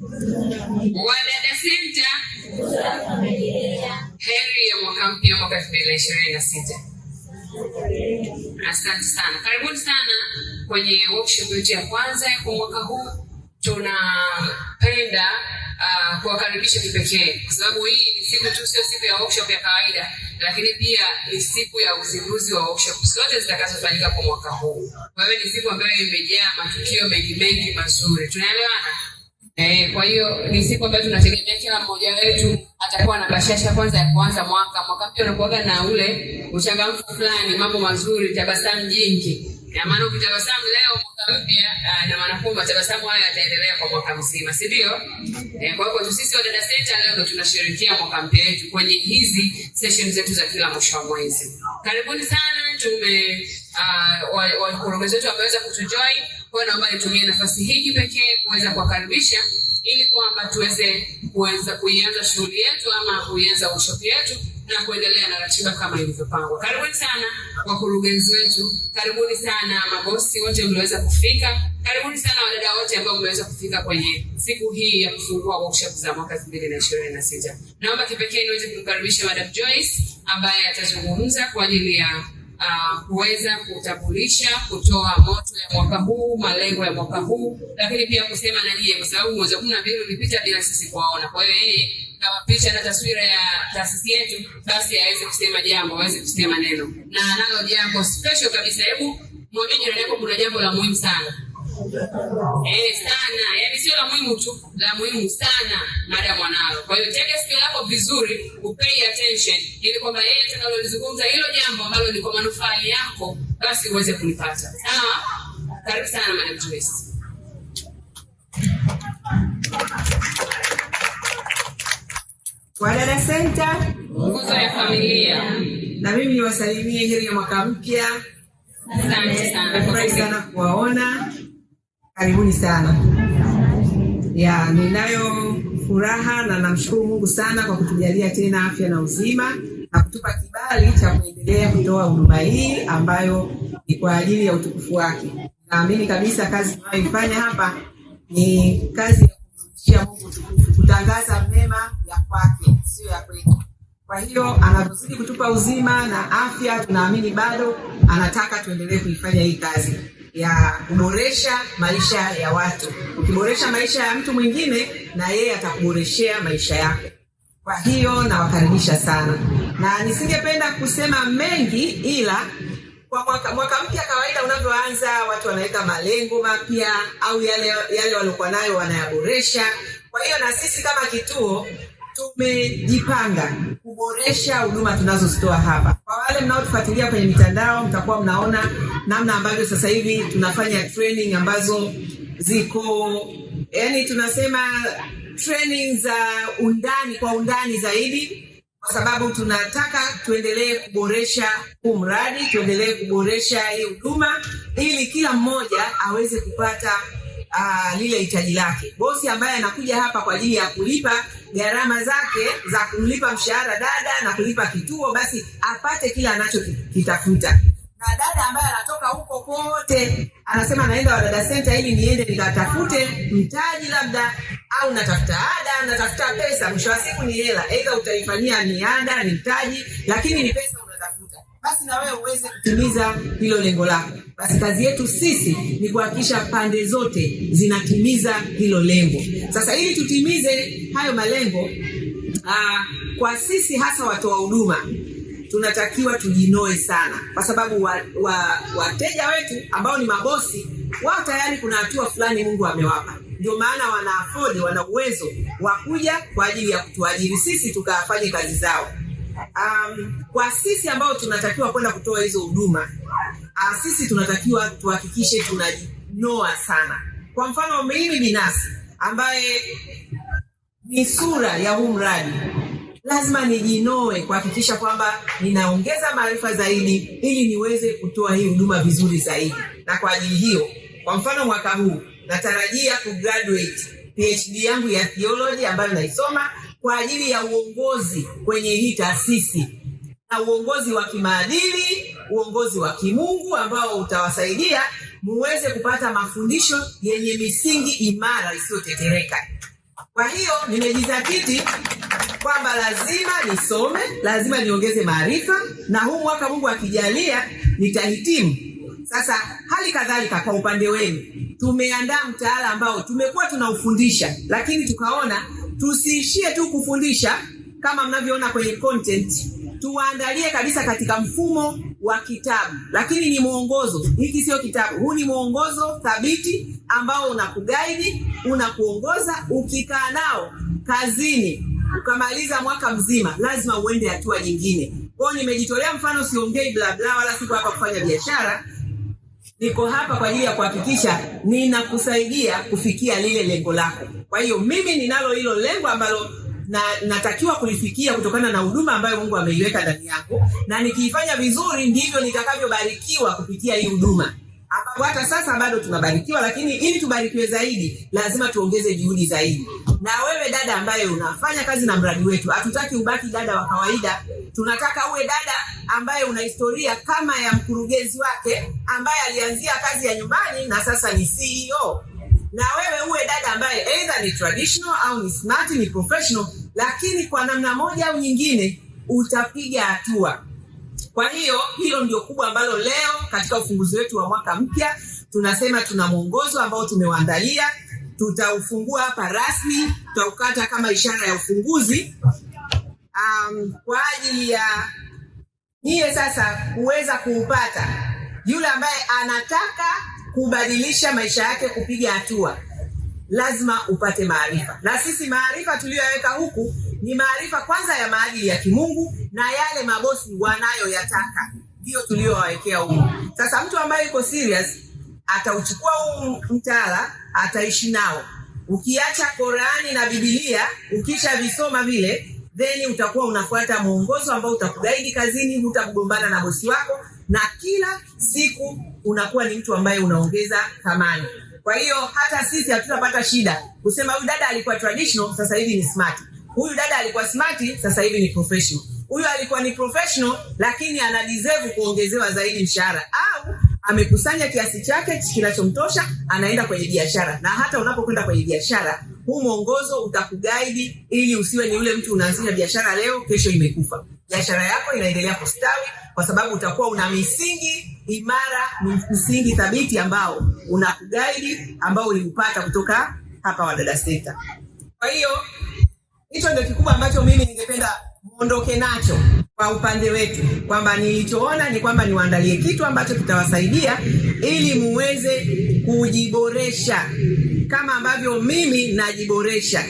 Wadada Senta, heri ya mwaka mpya, mwaka elfu mbili na ishirini na sita. Asante sana, karibuni sana kwenye workshop yetu ya kwanza kwa mwaka huu. Tunapenda uh, kuwakaribisha kipekee kwa sababu hii ni siku tu, sio siku ya workshop ya kawaida, lakini pia ni siku ya uzinduzi wa workshop zote zitakazofanyika kwa mwaka huu. Kwa hiyo ni siku ambayo imejaa matukio mengi mengi mazuri, tunaelewana Eh, kwa hiyo ni siku ambayo tunategemea kila mmoja wetu atakuwa na bashasha kwanza ya kuanza mwaka. Mwaka mpya unakuwa na ule uchangamfu fulani, mambo mazuri, tabasamu jingi. Na maana ukitabasamu leo mwaka mpya, na maana kwamba tabasamu haya yataendelea kwa mwaka mzima, si ndio? Eh, kwa hiyo sisi wa Dada Center leo ndo tunashirikia mwaka mpya wetu kwenye hizi session zetu za kila mwisho wa mwezi. Karibuni sana tume uh, wa, wa, wetu wameweza kutujoin kwa hiyo naomba nitumie nafasi hii kipekee kuweza kuwakaribisha ili kwamba tuweze kuweza kuianza shughuli yetu ama kuianza workshop yetu na kuendelea na ratiba kama ilivyopangwa. Karibuni sana wakurugenzi wetu, karibuni sana mabosi wote mlioweza kufika, karibuni sana wadada wote ambao mmeweza kufika kwenye siku hii ya kufungua workshop za mwaka 2026. Naomba kipekee niweze kumkaribisha Madam Joyce ambaye atazungumza kwa ajili ya uh, kuweza kutambulisha, kutoa moto ya mwaka huu, malengo ya mwaka huu, lakini pia kusema na yeye, kwa sababu mwezi wa kumi na mbili ulipita bila sisi kuwaona. Kwa hiyo yeye kama picha na taswira ya taasisi yetu, basi aweze kusema jambo, aweze kusema neno, na analo jambo special kabisa. Hebu mwambie jirani yako kuna jambo la muhimu sana Eh, sana. Yaani sio la muhimu tu, la muhimu sana ya mwanao. Kwa hiyo tega sikio lako vizuri, upay attention ili kwamba yeye atakayolizungumza hilo jambo ambalo ni kwa manufaa yako basi uweze kulipata. Sawa? Karibu sana madam Joyce. Wadada Senta, nguzo ya familia. Na mimi niwasalimie heri ya mwaka mpya. Asante sana. Nafurahi sana kuwaona. Karibuni sana ya, ninayo furaha na namshukuru Mungu sana kwa kutujalia tena afya na uzima na kutupa kibali cha kuendelea kutoa huduma hii ambayo ni kwa ajili ya utukufu wake. Naamini kabisa kazi tunayoifanya hapa ni kazi ya kumrudishia Mungu utukufu, kutangaza mema ya kwake, sio ya kwetu. Kwa hiyo anapozidi kutupa uzima na afya, tunaamini bado anataka tuendelee kuifanya hii kazi ya kuboresha maisha ya watu. Ukiboresha maisha ya mtu mwingine, na yeye atakuboreshea maisha yako. Kwa hiyo nawakaribisha sana, na nisingependa kusema mengi, ila kwa mwaka, mwaka mpya kawaida unavyoanza, watu wanaweka malengo mapya au yale, yale waliokuwa nayo wanayaboresha. Kwa hiyo na sisi kama kituo tumejipanga kuboresha huduma tunazozitoa hapa. Kwa wale mnaotufuatilia kwenye mitandao, mtakuwa mnaona namna ambavyo sasa hivi tunafanya training ambazo ziko yani, tunasema training za undani kwa undani zaidi, kwa sababu tunataka tuendelee kuboresha huu mradi, tuendelee kuboresha hii huduma ili kila mmoja aweze kupata uh, lile hitaji lake. Bosi ambaye anakuja hapa kwa ajili ya kulipa gharama zake za kumlipa mshahara dada na kulipa kituo, basi apate kile anachokitafuta. Na dada ambaye anatoka huko kote anasema naenda Wadada Center ili niende nikatafute mtaji labda, au natafuta ada, natafuta pesa. Mwisho wa siku ni hela, aidha utaifanyia ni ada, ni mtaji, lakini ni pesa basi na wewe uweze kutimiza hilo lengo lako. Basi kazi yetu sisi ni kuhakikisha pande zote zinatimiza hilo lengo. Sasa ili tutimize hayo malengo, aa, ah, kwa sisi hasa watoa huduma tunatakiwa tujinoe sana, kwa sababu wateja wa, wateja wetu ambao ni mabosi wao tayari kuna hatua fulani Mungu amewapa, ndio maana wana afford, wana uwezo wa kuja kwa ajili ya kutuajiri sisi tukafanye kazi zao um, kwa sisi ambao tunatakiwa kwenda kutoa hizo huduma uh, sisi tunatakiwa tuhakikishe tunajinoa sana. Kwa mfano mimi binafsi ambaye ni sura ya huu mradi lazima nijinoe kuhakikisha kwamba ninaongeza maarifa zaidi ili niweze kutoa hii huduma vizuri zaidi. Na kwa ajili hiyo, kwa mfano mwaka huu natarajia kugraduate PhD yangu ya theology ambayo naisoma kwa ajili ya uongozi kwenye hii taasisi na uongozi wa kimaadili, uongozi wa kimungu ambao utawasaidia muweze kupata mafundisho yenye misingi imara isiyotetereka. Kwa hiyo nimejizatiti kwamba lazima nisome, lazima niongeze maarifa, na huu mwaka Mungu akijalia nitahitimu. Sasa hali kadhalika, kwa upande wenu tumeandaa mtaala ambao tumekuwa tunaufundisha, lakini tukaona tusiishie tu kufundisha kama mnavyoona kwenye content, tuwaandalie kabisa katika mfumo wa kitabu, lakini ni mwongozo. Hiki sio kitabu, huu ni mwongozo thabiti ambao unakugaidi unakuongoza. Ukikaa nao kazini ukamaliza mwaka mzima, lazima uende hatua nyingine. Kwao nimejitolea mfano, siongei bla bla, wala siko hapa kufanya biashara. Niko hapa kwa ajili ya kuhakikisha ninakusaidia kufikia lile lengo lako. Kwa hiyo mimi ninalo hilo lengo ambalo na natakiwa kulifikia kutokana na huduma ambayo Mungu ameiweka ndani yangu, na nikiifanya vizuri ndivyo nitakavyobarikiwa kupitia hii huduma, ambapo hata sasa bado tunabarikiwa, lakini ili tubarikiwe zaidi lazima tuongeze juhudi zaidi. Na wewe dada ambaye unafanya kazi na mradi wetu, hatutaki ubaki dada wa kawaida, tunataka uwe dada ambaye una historia kama ya mkurugenzi wake ambaye alianzia kazi ya nyumbani na sasa ni CEO na wewe uwe dada ambaye either ni traditional au ni smart, ni professional, lakini kwa namna moja au nyingine utapiga hatua. Kwa hiyo hilo ndio kubwa ambalo leo katika ufunguzi wetu wa mwaka mpya tunasema tuna mwongozo ambao tumewaandalia, tutaufungua hapa rasmi, tutaukata kama ishara ya ufunguzi um, kwa ajili ya niye sasa kuweza kuupata yule ambaye anataka kubadilisha maisha yake, kupiga hatua, lazima upate maarifa. Na sisi maarifa tuliyoyaweka huku ni maarifa kwanza ya maadili ya kimungu na yale mabosi wanayoyataka ndio tuliyowawekea huku. Sasa mtu ambaye yuko serious atauchukua huu mtaala, ataishi nao. Ukiacha Korani na Biblia ukisha visoma vile, then utakuwa unafuata mwongozo ambao utakugaidi kazini, hutakugombana na bosi wako na kila siku unakuwa ni mtu ambaye unaongeza thamani. Kwa hiyo hata sisi hatutapata shida kusema huyu dada alikuwa traditional, sasa hivi ni smart. Huyu dada alikuwa smart, sasa hivi ni professional. Huyu alikuwa ni professional, lakini ana deserve kuongezewa zaidi mshahara au amekusanya kiasi chake kinachomtosha, anaenda kwenye biashara. Na hata unapokwenda kwenye biashara, huu mwongozo utakuguidi ili usiwe ni yule mtu unaanzisha biashara leo, kesho imekufa. Biashara yako inaendelea kustawi kwa sababu utakuwa una misingi imara, msingi thabiti ambao unakugaidi, ambao uliupata kutoka hapa Wadada Senta. Kwa hiyo hicho ndio kikubwa ambacho mimi ningependa muondoke nacho kwa upande wetu, kwamba nilichoona ni kwamba niwaandalie kitu ambacho kitawasaidia ili muweze kujiboresha kama ambavyo mimi najiboresha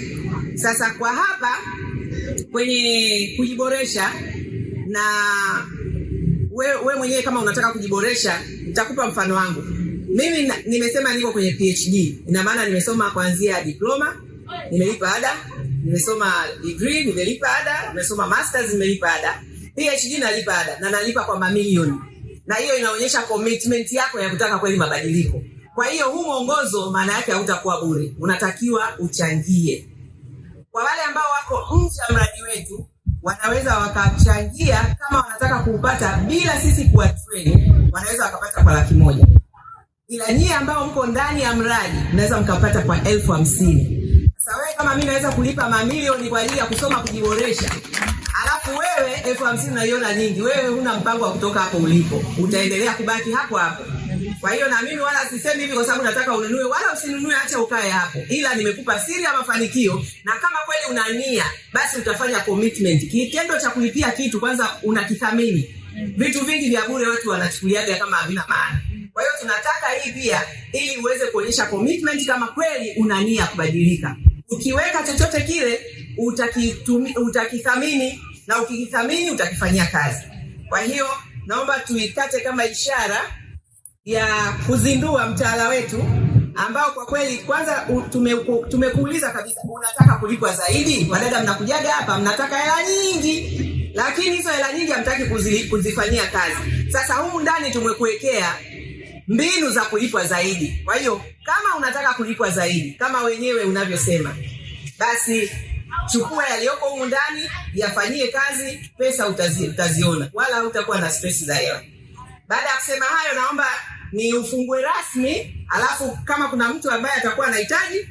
sasa kwa hapa kwenye kujiboresha na wewe we mwenyewe kama unataka kujiboresha, nitakupa mfano wangu mimi nimesema niko kwenye PhD, ina maana nimesoma kuanzia diploma, nimelipa ada, nimesoma degree, nimelipa ada, nimesoma masters, nimelipa ada, PhD nalipa ada na nalipa kwa mamilioni, na hiyo inaonyesha commitment yako ya kutaka kweli mabadiliko. Kwa hiyo huu mwongozo maana yake hautakuwa bure, unatakiwa uchangie. Kwa wale ambao wako nje ya mradi wetu wanaweza wakachangia kama wanataka kuupata bila sisi kuwa train, wanaweza wakapata kwa laki moja, ila nyie ambao mko ndani ya mradi mnaweza mkapata kwa elfu hamsini. Sasa wewe kama mimi naweza kulipa mamilioni kwa ajili ya kusoma kujiboresha, alafu wewe elfu hamsini unaiona nyingi, wewe huna mpango wa kutoka hapo ulipo, utaendelea kubaki hapo hapo. Kwa hiyo na mimi wala sisemi hivi kwa sababu nataka ununue wala usinunue, acha ukae hapo, ila nimekupa siri ya mafanikio, na kama kweli una nia, basi utafanya commitment. Kitendo cha kulipia kitu kwanza unakithamini. Vitu vingi vya bure watu wanachukuliaga kama havina maana. Kwa hiyo tunataka hii pia, ili uweze kuonyesha commitment kama kweli una nia kubadilika. Ukiweka chochote kile utakitumi, utakithamini na ukikithamini utakifanyia kazi. Kwa hiyo naomba tuikate kama ishara ya kuzindua mtaala wetu ambao kwa kweli kwanza tumekuuliza tume kabisa, unataka kulipwa zaidi? Wadada mnakujaga hapa mnataka hela nyingi, lakini hizo hela nyingi hamtaki kuzi, kuzifanyia kazi. Sasa humu ndani tumekuwekea mbinu za kulipwa zaidi. Kwa hiyo kama unataka kulipwa zaidi kama wenyewe unavyosema, basi chukua yaliyoko humu ndani, yafanyie kazi, pesa utazi, utaziona, wala hutakuwa na stress za hela. Baada ya kusema hayo, naomba ni ufungue rasmi, alafu kama kuna mtu ambaye atakuwa anahitaji,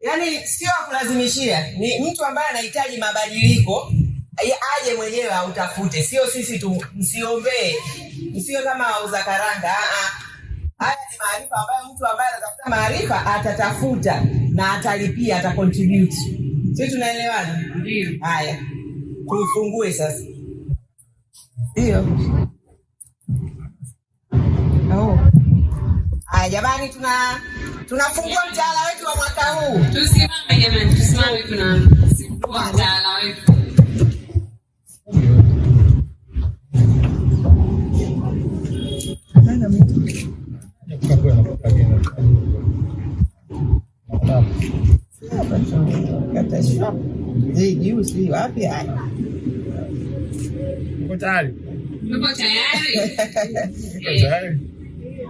yani sio kulazimishia, ni mtu ambaye anahitaji mabadiliko aje mwenyewe autafute, sio sisi tu. Msiombee, sio kama wauza karanga. Haya ni maarifa ambayo mtu ambaye anatafuta maarifa atatafuta na atalipia, atacontribute. si tunaelewana? Ndio. Haya, tufungue sasa, ndio. jamani, tuna tunafungua mtaala wetu wa mwaka huu. Tusimame jamani, tusimame, tunafungua mtaala wetu. tayari?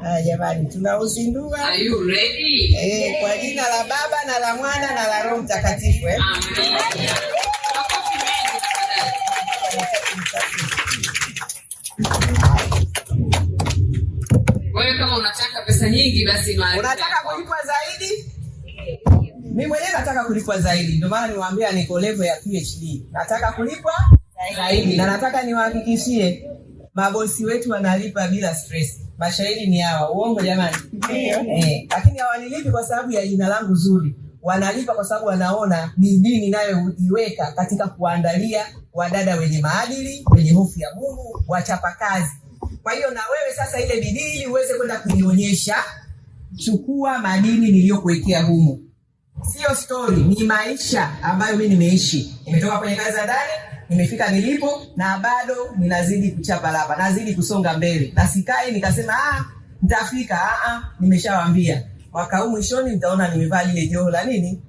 Ah, jamani tunauzindua e, eh, kwa jina la Baba na la Mwana na la Roho Mtakatifu eh? Unataka pesa nyingi basi, unataka kulipwa zaidi. Mi mwenyewe nataka kulipwa zaidi, ndio maana niwaambia niko level ya PhD. Nataka kulipwa zaidi na nataka niwahakikishie mabosi wetu wanalipa bila stress mashahidi ni hawa. Uongo jamani? Eh, lakini hawanilipi kwa sababu ya jina langu zuri, wanalipa kwa sababu wanaona bidii ninayoiweka katika kuandalia wadada wenye maadili, wenye hofu ya Mungu, wachapakazi. Kwa hiyo na wewe sasa, ile bidii ili uweze kwenda kuionyesha, chukua madini niliyokuwekea humu. Sio stori, ni maisha ambayo mimi nimeishi. Nimetoka kwenye kazi za ndani nimefika nilipo na bado ninazidi kuchapa lapa, nazidi kusonga mbele, na sikai nikasema ah, nitafika. Ah, ah, nimeshawaambia mwaka huu mwishoni nitaona nimevaa lile joho la nini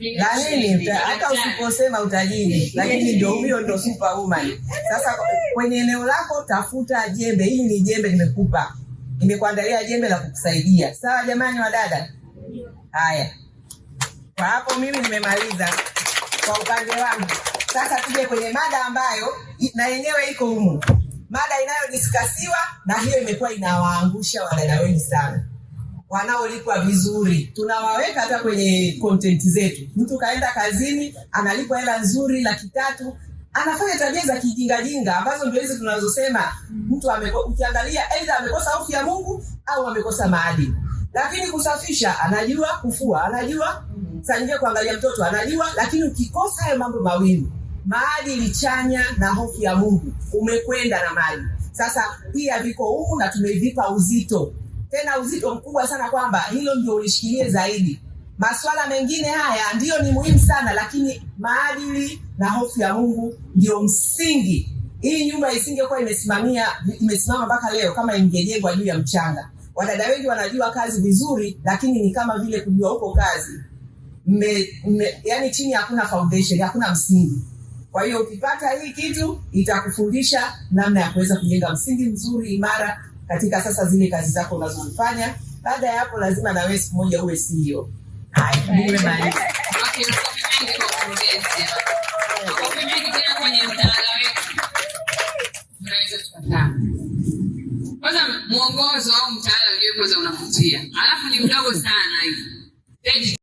la nini, hata usiposema utajini, lakini ndio huyo ndio superwoman. Sasa kwenye eneo lako tafuta jembe, hili ni jembe nimekupa, nimekuandalia jembe la kukusaidia. Sawa jamani, wadada. Haya, kwa hapo mimi nimemaliza kwa upande wangu. Sasa tuje kwenye mada ambayo na yenyewe iko humu, mada inayodiskasiwa na hiyo imekuwa inawaangusha wadada wengi sana wanaolipwa vizuri, tunawaweka hata kwenye content zetu. Mtu kaenda kazini analipwa hela nzuri laki tatu, anafanya tabia za kijingajinga ambazo ndio hizi tunazosema mtu ameko, ukiangalia aidha amekosa hofu ya Mungu au amekosa maadili. Lakini kusafisha anajua, kufua anajua, saa nyingine kuangalia mtoto anajua, lakini ukikosa hayo mambo mawili maadili chanya na hofu ya Mungu, umekwenda na mali sasa pia viko humu na tumevipa uzito, tena uzito mkubwa sana, kwamba hilo ndio ulishikilie zaidi. Masuala mengine haya ndiyo ni muhimu sana, lakini maadili na hofu ya Mungu ndio msingi. Hii nyumba isingekuwa imesimamia imesimama mpaka leo kama ingejengwa juu ya mchanga. Wadada wengi wanajua kazi vizuri, lakini ni kama vile kujua huko kazi me, me, yani chini hakuna foundation, hakuna msingi. Kwa hiyo ukipata hii kitu itakufundisha namna ya kuweza kujenga msingi mzuri imara katika sasa zile kazi zako unazozifanya. Baada ya hapo, lazima na wewe siku moja uwe CEO. kwanza mwongozo au mtaala uliokoza unavutia, alafu ni mdogo sana hivi